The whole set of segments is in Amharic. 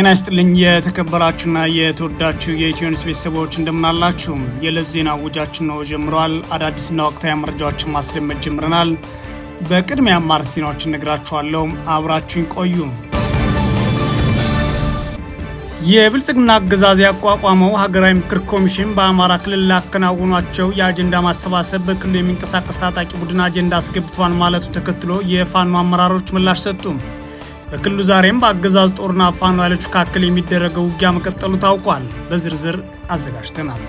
ጤና ይስጥልኝ የተከበራችሁና የተወዳችሁ የኢትዮኒስ ቤተሰቦች እንደምናላችሁ። የዕለቱ ዜና ውጃችን ነው ጀምረዋል። አዳዲስና ወቅታዊ መረጃዎችን ማስደመጥ ጀምረናል። በቅድሚያ አማር ዜናዎችን ነግራችኋለሁ። አብራችሁን ቆዩ። የብልጽግና አገዛዝ ያቋቋመው ሀገራዊ ምክር ኮሚሽን በአማራ ክልል ላከናወኗቸው የአጀንዳ ማሰባሰብ በክልሉ የሚንቀሳቀስ ታጣቂ ቡድን አጀንዳ አስገብቷል ማለቱ ተከትሎ የፋኖ አመራሮች ምላሽ ሰጡ። በክልሉ ዛሬም በአገዛዝ ጦርና ፋኖ ኃይሎች መካከል የሚደረገው ውጊያ መቀጠሉ ታውቋል። በዝርዝር አዘጋጅተናል።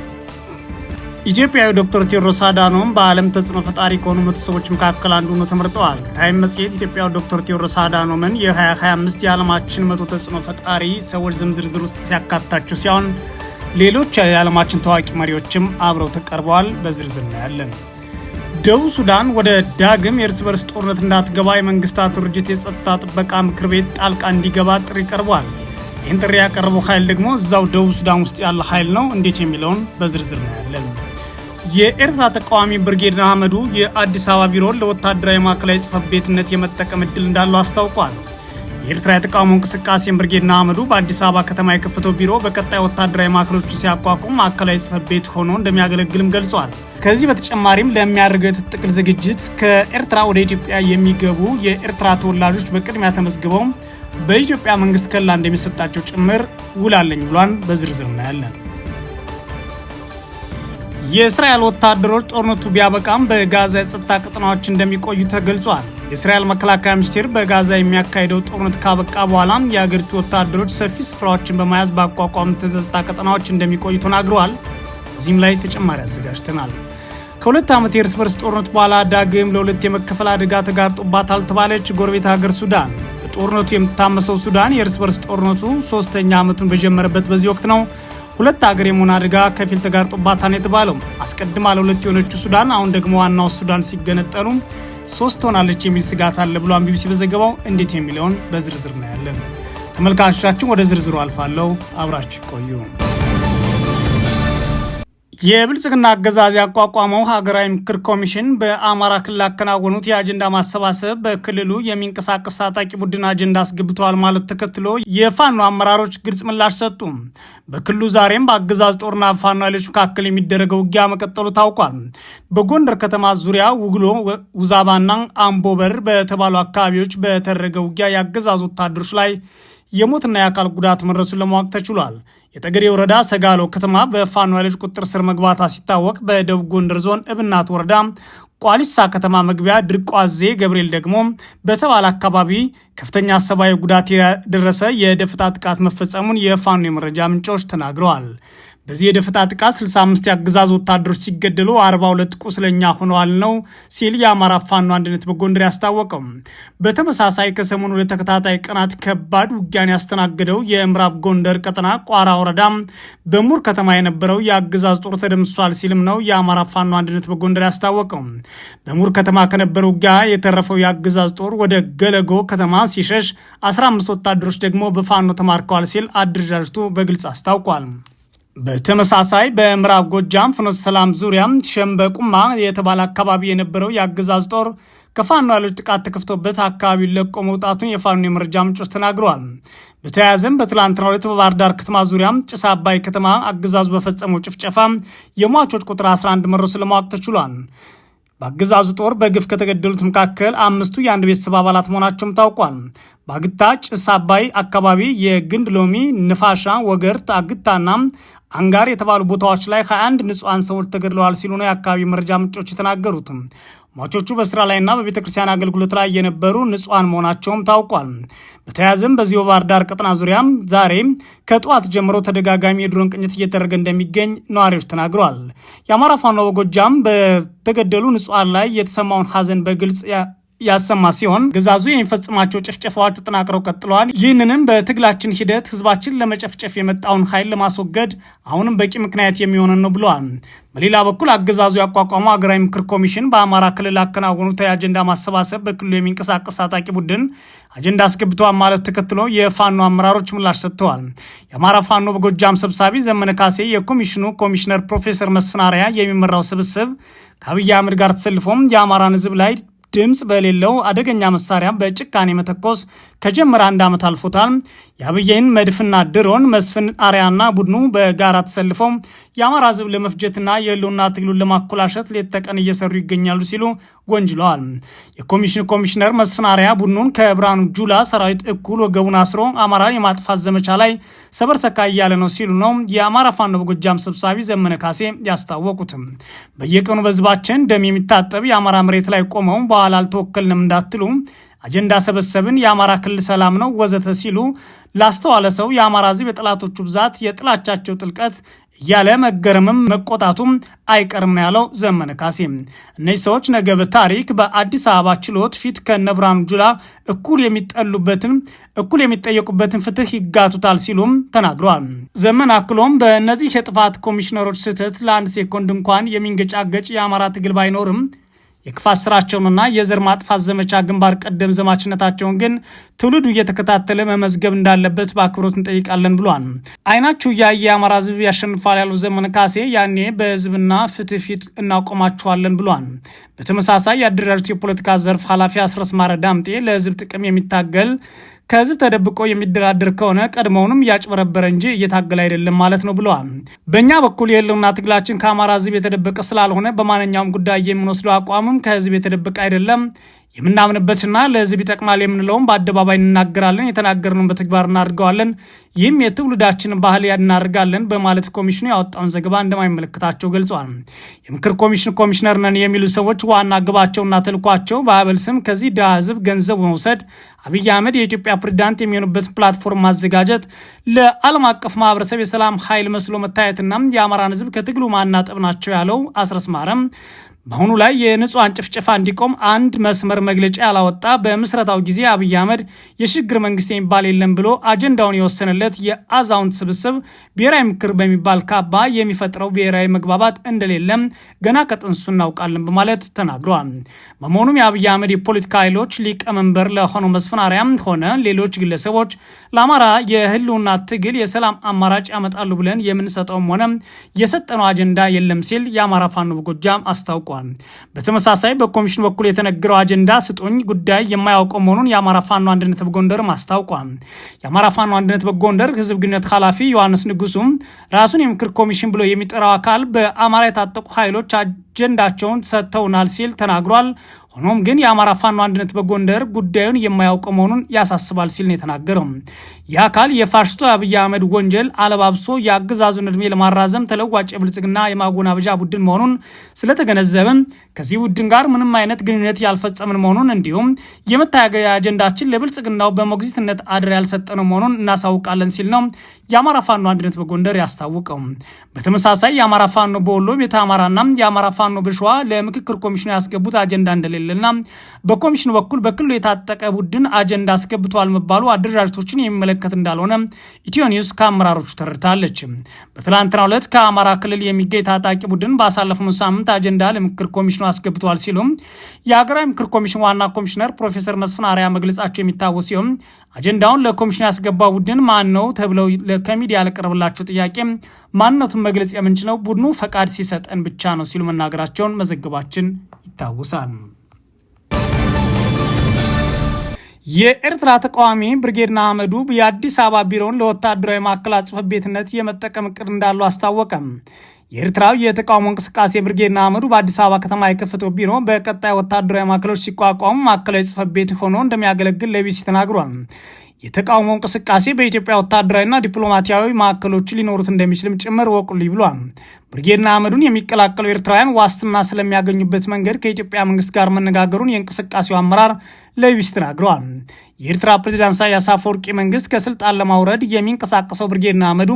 ኢትዮጵያዊ ዶክተር ቴዎድሮስ አዳኖም በዓለም ተጽዕኖ ፈጣሪ ከሆኑ መቶ ሰዎች መካከል አንዱ ሆነው ተመርጠዋል። ታይም መጽሔት ኢትዮጵያዊ ዶክተር ቴዎድሮስ አዳኖምን የ2025 የዓለማችን መቶ ተጽዕኖ ፈጣሪ ሰዎች ዝምዝርዝር ውስጥ ሲያካትታቸው ሲሆን ሌሎች የዓለማችን ታዋቂ መሪዎችም አብረው ተቀርበዋል። በዝርዝር እናያለን። ደቡብ ሱዳን ወደ ዳግም የእርስ በርስ ጦርነት እንዳትገባ የመንግስታቱ ድርጅት የጸጥታ ጥበቃ ምክር ቤት ጣልቃ እንዲገባ ጥሪ ቀርቧል። ይህን ጥሪ ያቀረበው ኃይል ደግሞ እዛው ደቡብ ሱዳን ውስጥ ያለ ኃይል ነው። እንዴት የሚለውን በዝርዝር እናያለን። የኤርትራ ተቃዋሚ ብርጌድ አህመዱ የአዲስ አበባ ቢሮን ለወታደራዊ ማዕከላዊ ጽህፈት ቤትነት የመጠቀም እድል እንዳለው አስታውቋል። የኤርትራ የተቃውሞ እንቅስቃሴ ብርጌድና አመዱ በአዲስ አበባ ከተማ የከፈተው ቢሮ በቀጣይ ወታደራዊ ማዕከሎች ሲያቋቁም ማዕከላዊ ጽህፈት ቤት ሆኖ እንደሚያገለግልም ገልጿል። ከዚህ በተጨማሪም ለሚያደርገው የትጥቅል ዝግጅት ከኤርትራ ወደ ኢትዮጵያ የሚገቡ የኤርትራ ተወላጆች በቅድሚያ ተመዝግበው በኢትዮጵያ መንግስት ከላ እንደሚሰጣቸው ጭምር ውላለኝ ብሏን በዝርዝር እናያለን። የእስራኤል ወታደሮች ጦርነቱ ቢያበቃም በጋዛ የጸጥታ ቀጠናዎች እንደሚቆዩ ተገልጿል። የእስራኤል መከላከያ ሚኒስቴር በጋዛ የሚያካሄደው ጦርነት ካበቃ በኋላም የአገሪቱ ወታደሮች ሰፊ ስፍራዎችን በመያዝ በአቋቋም የጸጥታ ቀጠናዎች እንደሚቆዩ ተናግረዋል። በዚህም ላይ ተጨማሪ አዘጋጅተናል። ከሁለት ዓመት የእርስ በርስ ጦርነት በኋላ ዳግም ለሁለት የመከፈል አደጋ ተጋርጦባታል ተባለች ጎረቤት ሀገር ሱዳን። በጦርነቱ የምታመሰው ሱዳን የእርስ በርስ ጦርነቱ ሶስተኛ ዓመቱን በጀመረበት በዚህ ወቅት ነው ሁለት ሀገር የመሆን አደጋ ከፊል ተጋርጦባታል የተባለው። አስቀድማ ለሁለት የሆነችው ሱዳን አሁን ደግሞ ዋናው ሱዳን ሲገነጠሉ ሶስት ትሆናለች የሚል ስጋት አለ ብሏን ቢቢሲ በዘገባው እንዴት የሚለውን በዝርዝር እናያለን። ተመልካቾቻችን ወደ ዝርዝሩ አልፋለሁ። አብራችሁ ቆዩ። የብልጽግና አገዛዝ ያቋቋመው ሀገራዊ ምክክር ኮሚሽን በአማራ ክልል ያከናወኑት የአጀንዳ ማሰባሰብ በክልሉ የሚንቀሳቀስ ታጣቂ ቡድን አጀንዳ አስገብተዋል ማለት ተከትሎ የፋኖ አመራሮች ግልጽ ምላሽ ሰጡ። በክልሉ ዛሬም በአገዛዝ ጦርና ፋኖ ኃይሎች መካከል የሚደረገው ውጊያ መቀጠሉ ታውቋል። በጎንደር ከተማ ዙሪያ ውግሎ፣ ውዛባና አምቦበር በተባሉ አካባቢዎች በተደረገ ውጊያ የአገዛዝ ወታደሮች ላይ የሞትና የአካል ጉዳት መድረሱን ለማወቅ ተችሏል። የጠገዴ ወረዳ ሰጋሎ ከተማ በፋኖ ኃይሎች ቁጥጥር ስር መግባቷ ሲታወቅ፣ በደቡብ ጎንደር ዞን እብናት ወረዳ ቋሊሳ ከተማ መግቢያ ድርቋዜ ገብርኤል ደግሞ በተባለ አካባቢ ከፍተኛ ሰብአዊ ጉዳት የደረሰ የደፍታ ጥቃት መፈጸሙን የፋኖ የመረጃ ምንጮች ተናግረዋል። በዚህ የደፈጣ ጥቃት 65 የአገዛዝ ወታደሮች ሲገደሉ 42 ቁስለኛ ሆነዋል ነው ሲል የአማራ ፋኖ አንድነት በጎንደር ያስታወቀው። በተመሳሳይ ከሰሞኑ ለተከታታይ ቀናት ከባድ ውጊያን ያስተናገደው የምዕራብ ጎንደር ቀጠና ቋራ ወረዳ በሙር ከተማ የነበረው የአገዛዝ ጦር ተደምሷል ሲልም ነው የአማራ ፋኖ አንድነት በጎንደር ያስታወቀው። በሙር ከተማ ከነበረው ውጊያ የተረፈው የአገዛዝ ጦር ወደ ገለጎ ከተማ ሲሸሽ 15 ወታደሮች ደግሞ በፋኖ ተማርከዋል ሲል አደረጃጀቱ በግልጽ አስታውቋል። በተመሳሳይ በምዕራብ ጎጃም ፍኖተ ሰላም ዙሪያ ሸንበቁማ የተባለ አካባቢ የነበረው የአገዛዝ ጦር ከፋኖ ኃይሎች ጥቃት ተከፍቶበት አካባቢውን ለቆ መውጣቱን የፋኖ የመረጃ ምንጮች ተናግረዋል። በተያያዘም በትላንትናው ዕለት በባህር ዳር ከተማ ዙሪያም ጭስ አባይ ከተማ አገዛዙ በፈጸመው ጭፍጨፋ የሟቾች ቁጥር 11 መድረሱ ለማወቅ ተችሏል። በአገዛዙ ጦር በግፍ ከተገደሉት መካከል አምስቱ የአንድ ቤተሰብ አባላት መሆናቸውም ታውቋል። በአግታ ጭስ አባይ አካባቢ የግንድ ሎሚ፣ ንፋሻ፣ ወገርት፣ አግታና አንጋር የተባሉ ቦታዎች ላይ 2አንድ ንጹሐን ሰዎች ተገድለዋል ሲሉ ነው የአካባቢ መረጃ ምንጮች የተናገሩት ሟቾቹ በስራ ላይና በቤተ ክርስቲያን አገልግሎት ላይ የነበሩ ንጹሐን መሆናቸውም ታውቋል። በተያያዘም በዚህ ባህር ዳር ቀጠና ዙሪያም ዛሬ ከጠዋት ጀምሮ ተደጋጋሚ የድሮን ቅኝት እየተደረገ እንደሚገኝ ነዋሪዎች ተናግረዋል። የአማራ ፋኖ በጎጃም በተገደሉ ንጹሐን ላይ የተሰማውን ሀዘን በግልጽ ያሰማ ሲሆን ግዛዙ የሚፈጽማቸው ጭፍጨፋዎች ተጠናክረው ቀጥለዋል። ይህንንም በትግላችን ሂደት ህዝባችን ለመጨፍጨፍ የመጣውን ኃይል ለማስወገድ አሁንም በቂ ምክንያት የሚሆነን ነው ብለዋል። በሌላ በኩል አገዛዙ ያቋቋመው ሀገራዊ ምክር ኮሚሽን በአማራ ክልል አከናወኑት የአጀንዳ ማሰባሰብ በክልሉ የሚንቀሳቀስ ታጣቂ ቡድን አጀንዳ አስገብተዋል ማለት ተከትሎ የፋኖ አመራሮች ምላሽ ሰጥተዋል። የአማራ ፋኖ በጎጃም ሰብሳቢ ዘመነ ካሴ የኮሚሽኑ ኮሚሽነር ፕሮፌሰር መስፍን አርአያ የሚመራው ስብስብ ከአብይ አህመድ ጋር ተሰልፎም የአማራን ህዝብ ላይ ድምፅ በሌለው አደገኛ መሳሪያ በጭካኔ መተኮስ ከጀመረ አንድ ዓመት አልፎታል። የአብይን መድፍና ድሮን መስፍን አሪያና ቡድኑ በጋራ ተሰልፈው የአማራ ህዝብ ለመፍጀትና የህልውና ትግሉን ለማኮላሸት ሌት ተቀን እየሰሩ ይገኛሉ ሲሉ ጎንጅለዋል። የኮሚሽን ኮሚሽነር መስፍን አሪያ ቡድኑን ከብርሃኑ ጁላ ሰራዊት እኩል ወገቡን አስሮ አማራን የማጥፋት ዘመቻ ላይ ሰበርሰካ እያለ ነው ሲሉ ነው የአማራ ፋኖ በጎጃም ሰብሳቢ ዘመነ ካሴ ያስታወቁትም። በየቀኑ በህዝባችን ደም የሚታጠብ የአማራ መሬት ላይ ቆመው ከኋላ አልተወከልንም እንዳትሉም አጀንዳ ሰበሰብን፣ የአማራ ክልል ሰላም ነው ወዘተ ሲሉ ላስተዋለ ሰው የአማራ ህዝብ የጠላቶቹ ብዛት፣ የጥላቻቸው ጥልቀት እያለ መገረምም መቆጣቱም አይቀርም ነው ያለው ዘመነ ካሴም። እነዚህ ሰዎች ነገ በታሪክ በአዲስ አበባ ችሎት ፊት ከነ ብርሃኑ ጁላ እኩል የሚጠሉበትን እኩል የሚጠየቁበትን ፍትህ ይጋቱታል ሲሉም ተናግረዋል። ዘመን አክሎም በእነዚህ የጥፋት ኮሚሽነሮች ስህተት ለአንድ ሴኮንድ እንኳን የሚንገጫገጭ የአማራ ትግል ባይኖርም የክፋት ስራቸውንና የዘር ማጥፋት ዘመቻ ግንባር ቀደም ዘማችነታቸውን ግን ትውልዱ እየተከታተለ መመዝገብ እንዳለበት በአክብሮት እንጠይቃለን ብሏል። አይናችሁ ያየ የአማራ ህዝብ ያሸንፋል ያሉ ዘመነ ካሴ ያኔ በህዝብና ፍትህ ፊት እናቆማችኋለን ብሏል። በተመሳሳይ የአደራጁት የፖለቲካ ዘርፍ ኃላፊ አስረስ ማረ ዳምጤ ለህዝብ ጥቅም የሚታገል ከህዝብ ተደብቆ የሚደራደር ከሆነ ቀድሞውንም እያጭበረበረ እንጂ እየታገለ አይደለም ማለት ነው ብለዋል። በእኛ በኩል የህልውና ትግላችን ከአማራ ህዝብ የተደበቀ ስላልሆነ በማንኛውም ጉዳይ የምንወስደው አቋምም ከህዝብ የተደበቀ አይደለም የምናምንበትና ለህዝብ ይጠቅማል የምንለውም በአደባባይ እንናገራለን፣ የተናገርነውን በተግባር እናድርገዋለን። ይህም የትውልዳችን ባህል እናደርጋለን በማለት ኮሚሽኑ ያወጣውን ዘገባ እንደማይመለከታቸው ገልጿል። የምክር ኮሚሽን ኮሚሽነር ነን የሚሉ ሰዎች ዋና ግባቸውና ተልኳቸው በአበል ስም ከዚህ ድሃ ህዝብ ገንዘብ በመውሰድ አብይ አህመድ የኢትዮጵያ ፕሬዚዳንት የሚሆኑበትን ፕላትፎርም ማዘጋጀት ለዓለም አቀፍ ማህበረሰብ የሰላም ኃይል መስሎ መታየትና የአማራን ህዝብ ከትግሉ ማናጠብ ናቸው ያለው አስረስማረም በአሁኑ ላይ የንጹሐን ጭፍጨፋ እንዲቆም አንድ መስመር መግለጫ ያላወጣ በምስረታው ጊዜ አብይ አህመድ የሽግግር መንግስት የሚባል የለም ብሎ አጀንዳውን የወሰነለት የአዛውንት ስብስብ ብሔራዊ ምክር በሚባል ካባ የሚፈጥረው ብሔራዊ መግባባት እንደሌለም ገና ከጥንሱ እናውቃለን በማለት ተናግረዋል። በመሆኑም የአብይ አህመድ የፖለቲካ ኃይሎች ሊቀመንበር ለሆነው መስፍናሪያም ሆነ ሌሎች ግለሰቦች ለአማራ የህልውና ትግል የሰላም አማራጭ ያመጣሉ ብለን የምንሰጠውም ሆነ የሰጠነው አጀንዳ የለም ሲል የአማራ ፋኖ በጎጃም አስታውቋል። ብለዋል። በተመሳሳይ በኮሚሽን በኩል የተነገረው አጀንዳ ስጡኝ ጉዳይ የማያውቀው መሆኑን የአማራ ፋኖ አንድነት በጎንደርም አስታውቋል። የአማራ ፋኖ አንድነት በጎንደር ህዝብ ግንኙነት ኃላፊ ዮሐንስ ንጉሱም ራሱን የምክር ኮሚሽን ብሎ የሚጠራው አካል በአማራ የታጠቁ ኃይሎች አጀንዳቸውን ሰጥተውናል ሲል ተናግሯል። ሆኖም ግን የአማራ ፋኖ አንድነት በጎንደር ጉዳዩን የማያውቅ መሆኑን ያሳስባል ሲል ነው የተናገረው። ይህ አካል የፋሽስቱ አብይ አህመድ ወንጀል አለባብሶ የአገዛዙን እድሜ ለማራዘም ተለዋጭ የብልጽግና የማጎናበጃ ቡድን መሆኑን ስለተገነዘብም ከዚህ ቡድን ጋር ምንም አይነት ግንኙነት ያልፈጸምን መሆኑን እንዲሁም የመታገያ አጀንዳችን ለብልጽግናው በሞግዚትነት አድር ያልሰጠነው መሆኑን እናሳውቃለን ሲል ነው የአማራ ፋኖ አንድነት በጎንደር ያስታውቀው። በተመሳሳይ የአማራ ፋኖ በወሎ ቤተ አማራና የአማራ ፋኖ በሸዋ ለምክክር ኮሚሽኑ ያስገቡት አጀንዳ እንደሌለና በኮሚሽኑ በኩል በክልሉ የታጠቀ ቡድን አጀንዳ አስገብተዋል መባሉ አደረጃጀቶችን የሚመለከት እንዳልሆነ ኢትዮ ኒውስ ከአመራሮቹ ተረድታለች። በትላንትና ዕለት ከአማራ ክልል የሚገኝ ታጣቂ ቡድን ባሳለፍነው ሳምንት አጀንዳ ለምክክር ኮሚሽኑ አስገብተዋል ሲሉም የሀገራዊ ምክር ኮሚሽን ዋና ኮሚሽነር ፕሮፌሰር መስፍን አርያ መግለጻቸው የሚታወስ ሲሆን አጀንዳውን ለኮሚሽኑ ያስገባው ቡድን ማን ነው ተብለው ከሚዲያ ያልቀረበላቸው ጥያቄ ማንነቱን መግለጽ የምንችለው ቡድኑ ፈቃድ ሲሰጠን ብቻ ነው ሲሉ መናገ መሸጋገራቸውን መዘገባችን ይታወሳል። የኤርትራ ተቃዋሚ ብርጌድና አህመዱ የአዲስ አበባ ቢሮውን ለወታደራዊ ማዕከላት ጽሕፈት ቤትነት የመጠቀም እቅድ እንዳለው አስታወቀም። የኤርትራው የተቃውሞ እንቅስቃሴ ብርጌድና አመዱ በአዲስ አበባ ከተማ የከፈተው ቢሮ በቀጣይ ወታደራዊ ማዕከሎች ሲቋቋሙ ማዕከላዊ ጽሕፈት ቤት ሆኖ እንደሚያገለግል ለቢሲ ተናግሯል። የተቃውሞ እንቅስቃሴ በኢትዮጵያ ወታደራዊና ዲፕሎማቲያዊ ማዕከሎች ሊኖሩት እንደሚችልም ጭምር ወቁልኝ ብሏል። ብርጌድና አህመዱን የሚቀላቀሉ ኤርትራውያን ዋስትና ስለሚያገኙበት መንገድ ከኢትዮጵያ መንግስት ጋር መነጋገሩን የእንቅስቃሴው አመራር ለቢቢሲ ተናግረዋል። የኤርትራ ፕሬዚዳንት ኢሳያስ አፈወርቂ መንግስት ከስልጣን ለማውረድ የሚንቀሳቀሰው ብርጌድና አህመዱ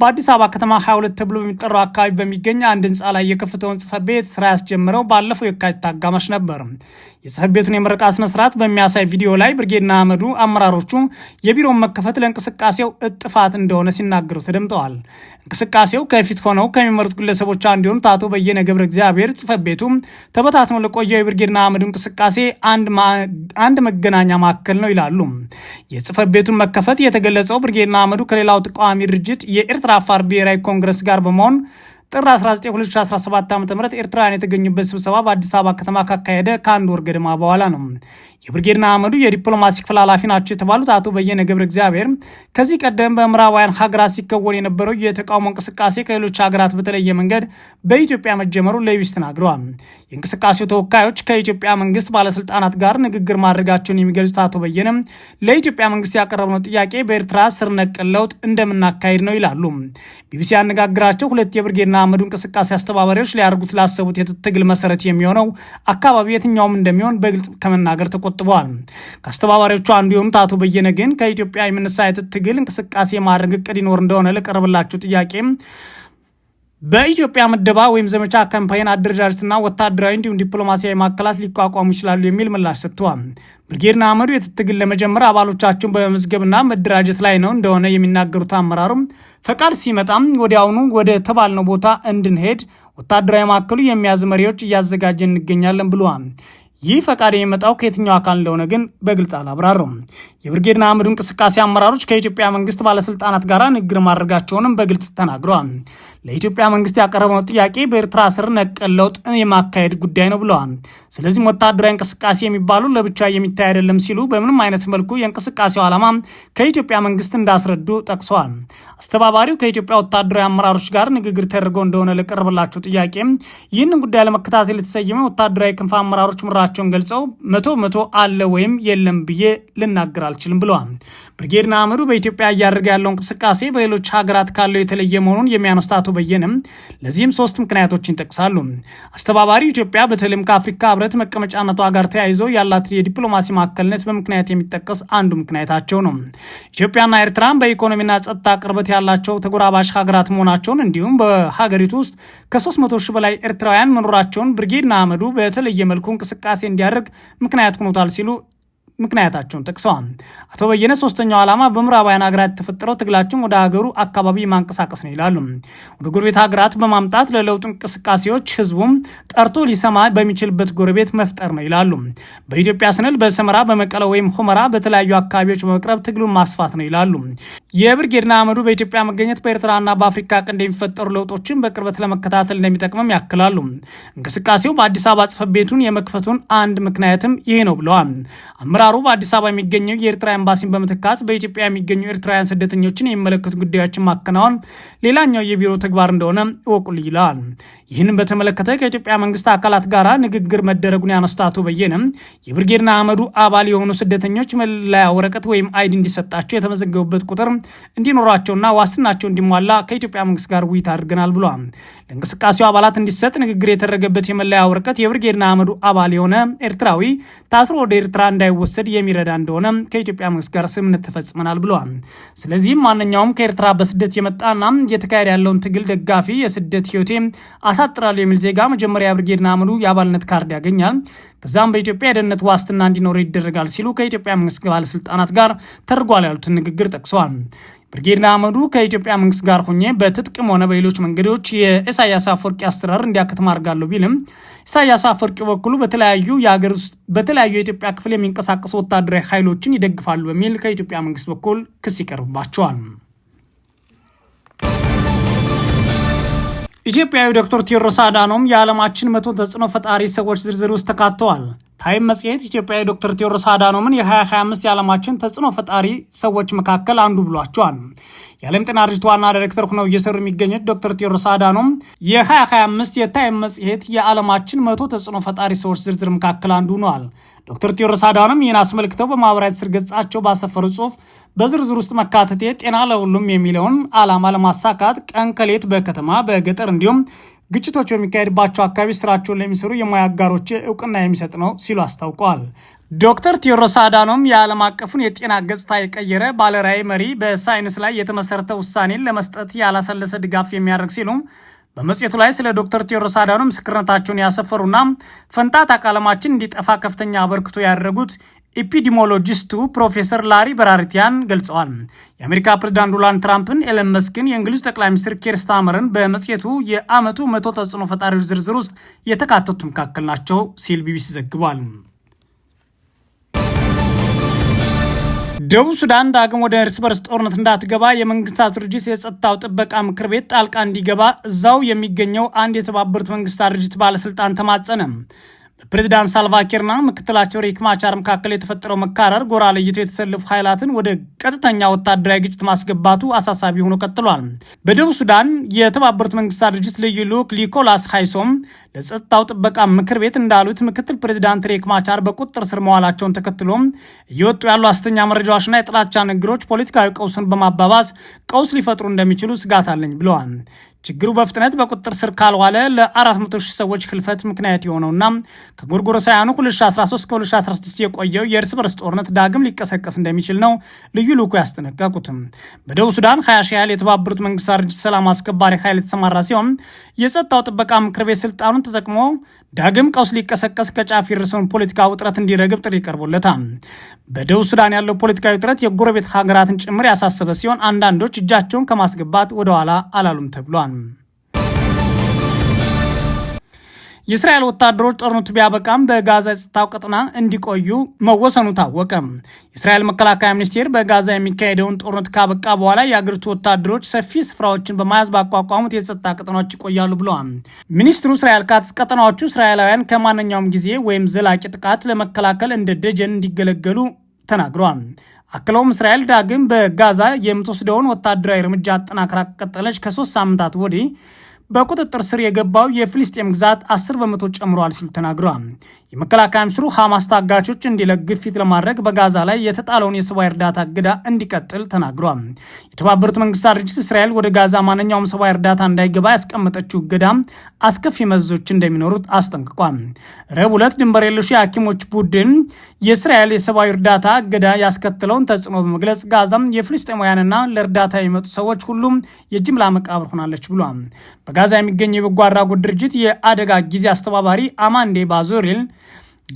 በአዲስ አበባ ከተማ 22 ተብሎ በሚጠራው አካባቢ በሚገኝ አንድ ህንፃ ላይ የከፍተውን ጽፈት ቤት ስራ ያስጀምረው ባለፈው የካቲት አጋማሽ ነበር። የጽህፈት ቤቱን የምረቃ ስነስርዓት በሚያሳይ ቪዲዮ ላይ ብርጌድና አህመዱ አመራሮቹ የቢሮውን መከፈት ለእንቅስቃሴው እጥፋት እንደሆነ ሲናገሩ ተደምጠዋል። እንቅስቃሴው ከፊት ሆነው ከሚመሩት ግለሰቦች አንዱ የሆኑት አቶ በየነ ገብረ እግዚአብሔር ጽህፈት ቤቱ ተበታትኖ ለቆየው የብርጌድና አህመዱ እንቅስቃሴ አንድ መገናኛ ማዕከል ነው ይላሉ። የጽህፈት ቤቱን መከፈት የተገለጸው ብርጌድና አህመዱ ከሌላው ተቃዋሚ ድርጅት የኤርትራ አፋር ብሔራዊ ኮንግረስ ጋር በመሆን ጥር 19 2017 ዓ ም ኤርትራውያን የተገኙበት ስብሰባ በአዲስ አበባ ከተማ ካካሄደ ከአንድ ወር ገደማ በኋላ ነው። የብርጌድና አመዱ የዲፕሎማሲ ክፍል ኃላፊ ናቸው የተባሉት አቶ በየነ ገብረ እግዚአብሔር ከዚህ ቀደም በምዕራባውያን ሀገራት ሲከወን የነበረው የተቃውሞ እንቅስቃሴ ከሌሎች ሀገራት በተለየ መንገድ በኢትዮጵያ መጀመሩ ለቢስ ተናግረዋል። የእንቅስቃሴው ተወካዮች ከኢትዮጵያ መንግስት ባለስልጣናት ጋር ንግግር ማድረጋቸውን የሚገልጹት አቶ በየነ ለኢትዮጵያ መንግስት ያቀረብነው ጥያቄ በኤርትራ ስር ነቀል ለውጥ እንደምናካሄድ ነው ይላሉ። ቢቢሲ ያነጋግራቸው ሁለት የብርጌድና አመዱ እንቅስቃሴ አስተባባሪዎች ሊያደርጉት ላሰቡት የትግል መሰረት የሚሆነው አካባቢ የትኛውም እንደሚሆን በግልጽ ከመናገር ተቆ ተቆጥበዋል። ከአስተባባሪዎቹ አንዱ የሆኑት አቶ በየነ ግን ከኢትዮጵያ የምንሳየት ትግል እንቅስቃሴ ማድረግ እቅድ ይኖር እንደሆነ ለቀረበላቸው ጥያቄ በኢትዮጵያ ምደባ ወይም ዘመቻ ካምፓይን አደረጃጀትና ወታደራዊ እንዲሁም ዲፕሎማሲያዊ ማዕከላት ሊቋቋሙ ይችላሉ የሚል ምላሽ ሰጥተዋል። ብርጌድና አመዱ የትትግል ለመጀመር አባሎቻቸውን በመመዝገብና መደራጀት ላይ ነው እንደሆነ የሚናገሩት አመራሩም ፈቃድ ሲመጣም ወዲያውኑ ወደ ተባልነው ቦታ እንድንሄድ ወታደራዊ ማዕከሉ የሚያዝ መሪዎች እያዘጋጀ እንገኛለን ብለዋል። ይህ ፈቃድ የመጣው ከየትኛው አካል እንደሆነ ግን በግልጽ አላብራሩም። የብርጌድና አምዱ እንቅስቃሴ አመራሮች ከኢትዮጵያ መንግስት ባለስልጣናት ጋር ንግግር ማድረጋቸውንም በግልጽ ተናግረዋል። ለኢትዮጵያ መንግስት ያቀረብነው ጥያቄ በኤርትራ ስር ነቀል ለውጥ የማካሄድ ጉዳይ ነው ብለዋል። ስለዚህም ወታደራዊ እንቅስቃሴ የሚባሉ ለብቻ የሚታይ አይደለም ሲሉ በምንም አይነት መልኩ የእንቅስቃሴው ዓላማ ከኢትዮጵያ መንግስት እንዳስረዱ ጠቅሰዋል። አስተባባሪው ከኢትዮጵያ ወታደራዊ አመራሮች ጋር ንግግር ተደርገው እንደሆነ ለቀረበላቸው ጥያቄ ይህንን ጉዳይ ለመከታተል የተሰየመ ወታደራዊ ክንፍ አመራሮች ምራ መሆናቸውን ገልጸው መቶ መቶ አለ ወይም የለም ብዬ ልናገር አልችልም ብለዋል። ብርጌድ ንሓመዱ በኢትዮጵያ እያደረገ ያለው እንቅስቃሴ በሌሎች ሀገራት ካለው የተለየ መሆኑን የሚያነሱት አቶ በየነም ለዚህም ሶስት ምክንያቶችን ይጠቅሳሉ። አስተባባሪ ኢትዮጵያ በተለይም ከአፍሪካ ህብረት መቀመጫነቷ ጋር ተያይዞ ያላትን የዲፕሎማሲ ማዕከልነት በምክንያት የሚጠቀስ አንዱ ምክንያታቸው ነው። ኢትዮጵያና ኤርትራን በኢኮኖሚና ጸጥታ ቅርበት ያላቸው ተጎራባሽ ሀገራት መሆናቸውን እንዲሁም በሀገሪቱ ውስጥ ከ300 ሺህ በላይ ኤርትራውያን መኖራቸውን ብርጌድ ንሓመዱ በተለየ መልኩ እንቅስቃሴ እንዲያደርግ ምክንያት ሆኖታል ሲሉ ምክንያታቸውን ጠቅሰዋል። አቶ በየነ ሶስተኛው ዓላማ በምዕራባውያን ሀገራት የተፈጠረው ትግላችን ወደ ሀገሩ አካባቢ ማንቀሳቀስ ነው ይላሉ። ወደ ጎረቤት ሀገራት በማምጣት ለለውጡ እንቅስቃሴዎች ህዝቡም ጠርቶ ሊሰማ በሚችልበት ጎረቤት መፍጠር ነው ይላሉ። በኢትዮጵያ ስንል በሰመራ በመቀለ ወይም ሁመራ በተለያዩ አካባቢዎች በመቅረብ ትግሉን ማስፋት ነው ይላሉ። የብርጌድና አመዱ በኢትዮጵያ መገኘት በኤርትራና በአፍሪካ ቀንድ የሚፈጠሩ ለውጦችን በቅርበት ለመከታተል እንደሚጠቅምም ያክላሉ። እንቅስቃሴው በአዲስ አበባ ጽፈት ቤቱን የመክፈቱን አንድ ምክንያትም ይህ ነው ብለዋል። ቃጣሩ በአዲስ አበባ የሚገኘው የኤርትራ ኤምባሲን በመተካት በኢትዮጵያ የሚገኙ ኤርትራውያን ስደተኞችን የሚመለከቱ ጉዳዮችን ማከናወን ሌላኛው የቢሮ ተግባር እንደሆነ እወቁል ይለዋል። ይህን በተመለከተ ከኢትዮጵያ መንግስት አካላት ጋር ንግግር መደረጉን ያነሱት አቶ በየነም የብርጌድና አመዱ አባል የሆኑ ስደተኞች መለያ ወረቀት ወይም አይዲ እንዲሰጣቸው የተመዘገቡበት ቁጥር እንዲኖራቸውና ዋስትናቸው እንዲሟላ ከኢትዮጵያ መንግስት ጋር ውይይት አድርገናል ብሏል። ለእንቅስቃሴው አባላት እንዲሰጥ ንግግር የተደረገበት የመለያ ወረቀት የብርጌድና አመዱ አባል የሆነ ኤርትራዊ ታስሮ ወደ ኤርትራ እንዳይወሰድ ለመውሰድ የሚረዳ እንደሆነ ከኢትዮጵያ መንግስት ጋር ስምምነት ተፈጽመናል ብለዋል። ስለዚህም ማንኛውም ከኤርትራ በስደት የመጣና እየተካሄደ ያለውን ትግል ደጋፊ የስደት ህይወቴ አሳጥራሉ የሚል ዜጋ መጀመሪያ ብርጌድና ምሉ የአባልነት ካርድ ያገኛል። ከዛም በኢትዮጵያ የደህንነት ዋስትና እንዲኖረው ይደረጋል ሲሉ ከኢትዮጵያ መንግስት ባለስልጣናት ጋር ተደርጓል ያሉትን ንግግር ጠቅሰዋል። ብርጌድ ንሓመዱ ከኢትዮጵያ መንግስት ጋር ሁኜ በትጥቅም ሆነ በሌሎች መንገዶች የኢሳያስ አፈወርቂ አሰራር እንዲያከትም አድርጋለሁ ቢልም ኢሳያስ አፈወርቂ በኩሉ በተለያዩ የአገር ውስጥ በተለያዩ የኢትዮጵያ ክፍል የሚንቀሳቀሱ ወታደራዊ ኃይሎችን ይደግፋሉ በሚል ከኢትዮጵያ መንግስት በኩል ክስ ይቀርብባቸዋል። ኢትዮጵያዊ ዶክተር ቴዎድሮስ አዳኖም የዓለማችን መቶ ተጽዕኖ ፈጣሪ ሰዎች ዝርዝር ውስጥ ተካተዋል። ታይም መጽሔት ኢትዮጵያዊ ዶክተር ቴዎድሮስ አዳኖምን የ2025 የዓለማችን ተጽዕኖ ፈጣሪ ሰዎች መካከል አንዱ ብሏቸዋል። የዓለም ጤና ድርጅት ዋና ዳይሬክተር ሆነው እየሰሩ የሚገኙት ዶክተር ቴዎድሮስ አዳኖም የ2025 የታይም መጽሔት የዓለማችን መቶ ተጽዕኖ ፈጣሪ ሰዎች ዝርዝር መካከል አንዱ ነዋል። ዶክተር ቴዎድሮስ አዳኖም ይህን አስመልክተው በማህበራዊ ስር ገጻቸው ባሰፈሩ ጽሁፍ በዝርዝር ውስጥ መካተቴ ጤና ለሁሉም የሚለውን ዓላማ ለማሳካት ቀን ከሌት በከተማ በገጠር እንዲሁም ግጭቶች በሚካሄድባቸው አካባቢ ስራቸውን ለሚሰሩ የሙያ አጋሮች እውቅና የሚሰጥ ነው ሲሉ አስታውቀዋል። ዶክተር ቴዎድሮስ አዳኖም የዓለም አቀፉን የጤና ገጽታ የቀየረ ባለራዕይ መሪ፣ በሳይንስ ላይ የተመሰረተ ውሳኔን ለመስጠት ያላሰለሰ ድጋፍ የሚያደርግ ሲሉም በመጽሔቱ ላይ ስለ ዶክተር ቴዎድሮስ አዳኑ ምስክርነታቸውን ያሰፈሩና ፈንጣጣ ቀለማችን እንዲጠፋ ከፍተኛ አበርክቶ ያደረጉት ኢፒዲሞሎጂስቱ ፕሮፌሰር ላሪ በራሪቲያን ገልጸዋል። የአሜሪካ ፕሬዚዳንት ዶናልድ ትራምፕን፣ ኤለን መስክን፣ የእንግሊዝ ጠቅላይ ሚኒስትር ኬር ስታመርን በመጽሔቱ የዓመቱ መቶ ተጽዕኖ ፈጣሪዎች ዝርዝር ውስጥ የተካተቱ መካከል ናቸው ሲል ቢቢሲ ዘግቧል። ደቡብ ሱዳን ዳግም ወደ እርስ በርስ ጦርነት እንዳትገባ የመንግስታት ድርጅት የጸጥታው ጥበቃ ምክር ቤት ጣልቃ እንዲገባ እዛው የሚገኘው አንድ የተባበሩት መንግስታት ድርጅት ባለስልጣን ተማጸነ። በፕሬዚዳንት ሳልቫኪርና ምክትላቸው ሪክ ማቻር መካከል የተፈጠረው መካረር ጎራ ለይቶ የተሰለፉ ኃይላትን ወደ ቀጥተኛ ወታደራዊ ግጭት ማስገባቱ አሳሳቢ ሆኖ ቀጥሏል። በደቡብ ሱዳን የተባበሩት መንግስታት ድርጅት ልዩ ልዑክ ኒኮላስ ሃይሶም ለጸጥታው ጥበቃ ምክር ቤት እንዳሉት ምክትል ፕሬዚዳንት ሪክ ማቻር በቁጥጥር ስር መዋላቸውን ተከትሎ እየወጡ ያሉ አስተኛ መረጃዎችና የጥላቻ ንግሮች ፖለቲካዊ ቀውስን በማባባስ ቀውስ ሊፈጥሩ እንደሚችሉ ስጋት አለኝ ብለዋል። ችግሩ በፍጥነት በቁጥጥር ስር ካልዋለ ለ400 ሺህ ሰዎች ህልፈት ምክንያት የሆነውና ከጎርጎሮሳውያኑ 2013 2016 የቆየው የእርስ በርስ ጦርነት ዳግም ሊቀሰቀስ እንደሚችል ነው ልዩ ልዑኩ ያስጠነቀቁትም። በደቡብ ሱዳን 20 ሺህ ያህል የተባበሩት መንግስታት ድርጅት ሰላም አስከባሪ ኃይል የተሰማራ ሲሆን የጸጥታው ጥበቃ ምክር ቤት ስልጣኑን ተጠቅሞ ዳግም ቀውስ ሊቀሰቀስ ከጫፍ የደረሰውን ፖለቲካ ውጥረት እንዲረግብ ጥሪ ቀርቦለታል። በደቡብ ሱዳን ያለው ፖለቲካዊ ውጥረት የጎረቤት ሀገራትን ጭምር ያሳሰበ ሲሆን አንዳንዶች እጃቸውን ከማስገባት ወደኋላ አላሉም ተብሏል። ተናግረዋል። የእስራኤል ወታደሮች ጦርነቱ ቢያበቃም በጋዛ የጸጥታው ቀጠና እንዲቆዩ መወሰኑ ታወቀ። የእስራኤል መከላከያ ሚኒስቴር በጋዛ የሚካሄደውን ጦርነት ካበቃ በኋላ የአገሪቱ ወታደሮች ሰፊ ስፍራዎችን በመያዝ ባቋቋሙት የጸጥታ ቀጠናዎች ይቆያሉ ብለዋል። ሚኒስትሩ እስራኤል ካትስ ቀጠናዎቹ እስራኤላውያን ከማንኛውም ጊዜ ወይም ዘላቂ ጥቃት ለመከላከል እንደ ደጀን እንዲገለገሉ ተናግረዋል። አክለውም እስራኤል ዳግም በጋዛ የምትወስደውን ወታደራዊ እርምጃ አጠናክራ ከቀጠለች ከሶስት ሳምንታት ወዲህ በቁጥጥር ስር የገባው የፍልስጤም ግዛት 10 በመቶ ጨምሯል ሲሉ ተናግረዋል። የመከላከያ ሚኒስትሩ ሐማስ ታጋቾች እንዲለቅ ግፊት ለማድረግ በጋዛ ላይ የተጣለውን የሰብአዊ እርዳታ እገዳ እንዲቀጥል ተናግረዋል። የተባበሩት መንግስታት ድርጅት እስራኤል ወደ ጋዛ ማንኛውም ሰብአዊ እርዳታ እንዳይገባ ያስቀመጠችው እገዳ አስከፊ መዘዞች እንደሚኖሩት አስጠንቅቋል። ረቡዕ ዕለት ድንበር የለሹ የሐኪሞች ቡድን የእስራኤል የሰብአዊ እርዳታ እገዳ ያስከትለውን ተጽዕኖ በመግለጽ ጋዛም የፍልስጤማውያንና ለእርዳታ የመጡ ሰዎች ሁሉም የጅምላ መቃብር ሆናለች ብሏል። ጋዛ የሚገኝ የበጎ አድራጎት ድርጅት የአደጋ ጊዜ አስተባባሪ አማንዴ ባዞሪል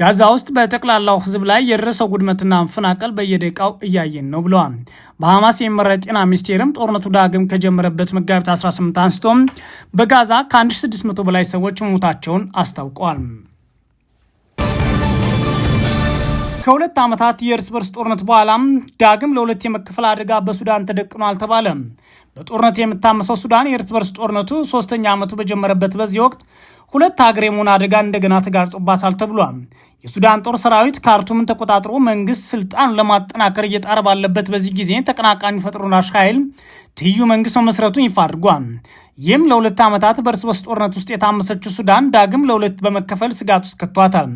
ጋዛ ውስጥ በጠቅላላው ህዝብ ላይ የደረሰው ጉድመትና ፍናቀል በየደቂቃው እያየን ነው ብለዋል። በሐማስ የሚመራ ጤና ሚኒስቴርም ጦርነቱ ዳግም ከጀመረበት መጋቢት 18 አንስቶም በጋዛ ከ1600 በላይ ሰዎች መሞታቸውን አስታውቀዋል። ከሁለት ዓመታት የእርስ በርስ ጦርነት በኋላም ዳግም ለሁለት የመከፈል አደጋ በሱዳን ተደቅኗል ተባለ። በጦርነት የምታመሰው ሱዳን የእርስ በርስ ጦርነቱ ሶስተኛ ዓመቱ በጀመረበት በዚህ ወቅት ሁለት ሀገር የመሆን አደጋ እንደገና ተጋርጾባታል ተብሏል። የሱዳን ጦር ሰራዊት ካርቱምን ተቆጣጥሮ መንግስት ስልጣን ለማጠናከር እየጣረ ባለበት በዚህ ጊዜ ተቀናቃኝ ፈጥሮናሽ ኃይል ትይዩ መንግስት መመስረቱን ይፋ አድርጓል። ይህም ለሁለት ዓመታት በእርስ በርስ ጦርነት ውስጥ የታመሰችው ሱዳን ዳግም ለሁለት በመከፈል ስጋት ውስጥ ከቷታል።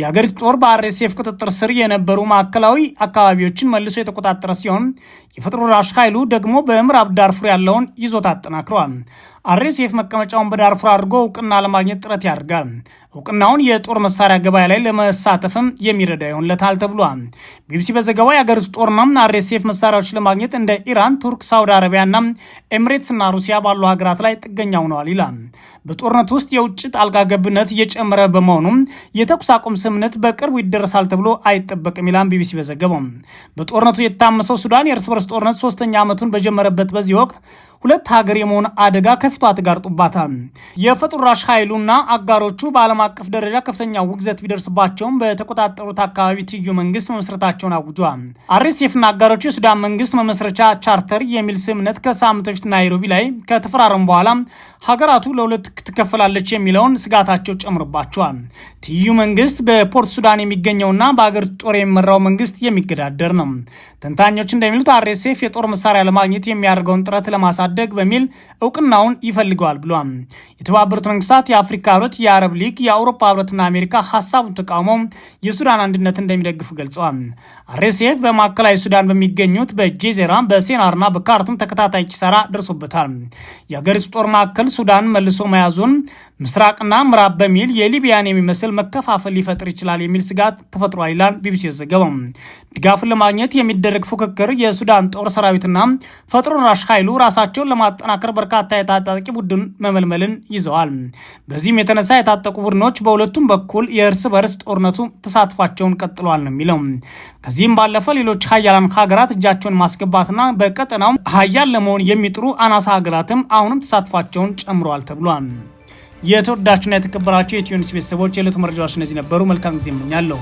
የአገሪቱ ጦር በአርኤስኤፍ ቁጥጥር ስር የነበሩ ማዕከላዊ አካባቢዎችን መልሶ የተቆጣጠረ ሲሆን የፈጥኖ ደራሽ ኃይሉ ደግሞ በምዕራብ ዳርፉር ያለውን ይዞታ አጠናክረዋል። አርኤስኤፍ መቀመጫውን በዳርፉር አድርጎ እውቅና ለማግኘት ጥረት ያደርጋል። እውቅናውን የጦር መሳሪያ ገበያ ላይ ለመሳተፍም የሚረዳ ይሆንለታል ተብሏል። ቢቢሲ በዘገባው የአገሪቱ ጦርና አርኤስኤፍ መሳሪያዎች ለማግኘት እንደ ኢራን፣ ቱርክ፣ ሳውዲ አረቢያና ኤምሬትስና ሩሲያ ባሉ ሀገራት ላይ ጥገኛ ሆነዋል ይላል። በጦርነት ውስጥ የውጭ ጣልቃ ገብነት እየጨመረ በመሆኑም የተኩስ አቁም ስምምነት በቅርቡ ይደረሳል ተብሎ አይጠበቅም ይላል ቢቢሲ በዘገባው። በጦርነቱ የታመሰው ሱዳን የእርስ በርስ ጦርነት ሶስተኛ ዓመቱን በጀመረበት በዚህ ወቅት ሁለት ሀገር የመሆን አደጋ ከፊቷ ትጋርጡባታል። የፈጥራሽ ኃይሉና አጋሮቹ በዓለም አቀፍ ደረጃ ከፍተኛ ውግዘት ቢደርስባቸውም በተቆጣጠሩት አካባቢ ትዩ መንግስት መመስረታቸውን አውጇል። አርኤስኤፍና አጋሮቹ የሱዳን መንግስት መመስረቻ ቻርተር የሚል ስምምነት ከሳምንት በፊት ናይሮቢ ላይ ከተፈራረሙ በኋላ ሀገራቱ ለሁለት ትከፈላለች የሚለውን ስጋታቸው ጨምርባቸዋል። ትዩ መንግስት በፖርት ሱዳን የሚገኘውና በአገር ጦር የሚመራው መንግስት የሚገዳደር ነው። ተንታኞች እንደሚሉት አርኤስኤፍ የጦር መሳሪያ ለማግኘት የሚያደርገውን ጥረት ለማሳደ ማሳደግ በሚል እውቅናውን ይፈልገዋል ብሏል። የተባበሩት መንግስታት፣ የአፍሪካ ህብረት፣ የአረብ ሊግ፣ የአውሮፓ ህብረትና አሜሪካ ሀሳቡን ተቃውሞ የሱዳን አንድነት እንደሚደግፉ ገልጸዋል። አርኤስኤፍ በማዕከላዊ ሱዳን በሚገኙት በጄዜራ በሴናርና በካርቱም ተከታታይ ኪሳራ ደርሶበታል። የአገሪቱ ጦር ማዕከል ሱዳን መልሶ መያዙን ምስራቅና ምዕራብ በሚል የሊቢያን የሚመስል መከፋፈል ሊፈጥር ይችላል የሚል ስጋት ተፈጥሯል ይላል ቢቢሲ ዘገባው። ድጋፉን ለማግኘት የሚደረግ ፉክክር የሱዳን ጦር ሰራዊትና ፈጥኖ ደራሽ ኃይሉ ራሳቸው ኃይላቸውን ለማጠናከር በርካታ የታጣቂ ቡድን መመልመልን ይዘዋል። በዚህም የተነሳ የታጠቁ ቡድኖች በሁለቱም በኩል የእርስ በርስ ጦርነቱ ተሳትፏቸውን ቀጥሏል ነው የሚለው። ከዚህም ባለፈ ሌሎች ሀያላን ሀገራት እጃቸውን ማስገባትና በቀጠናው ሀያል ለመሆን የሚጥሩ አናሳ ሀገራትም አሁንም ተሳትፏቸውን ጨምረዋል ተብሏል። የተወዳችሁና የተከበራቸው የኢትዮ ኒውስ ቤተሰቦች የዕለቱ መረጃዎች እነዚህ ነበሩ። መልካም ጊዜ እመኛለሁ።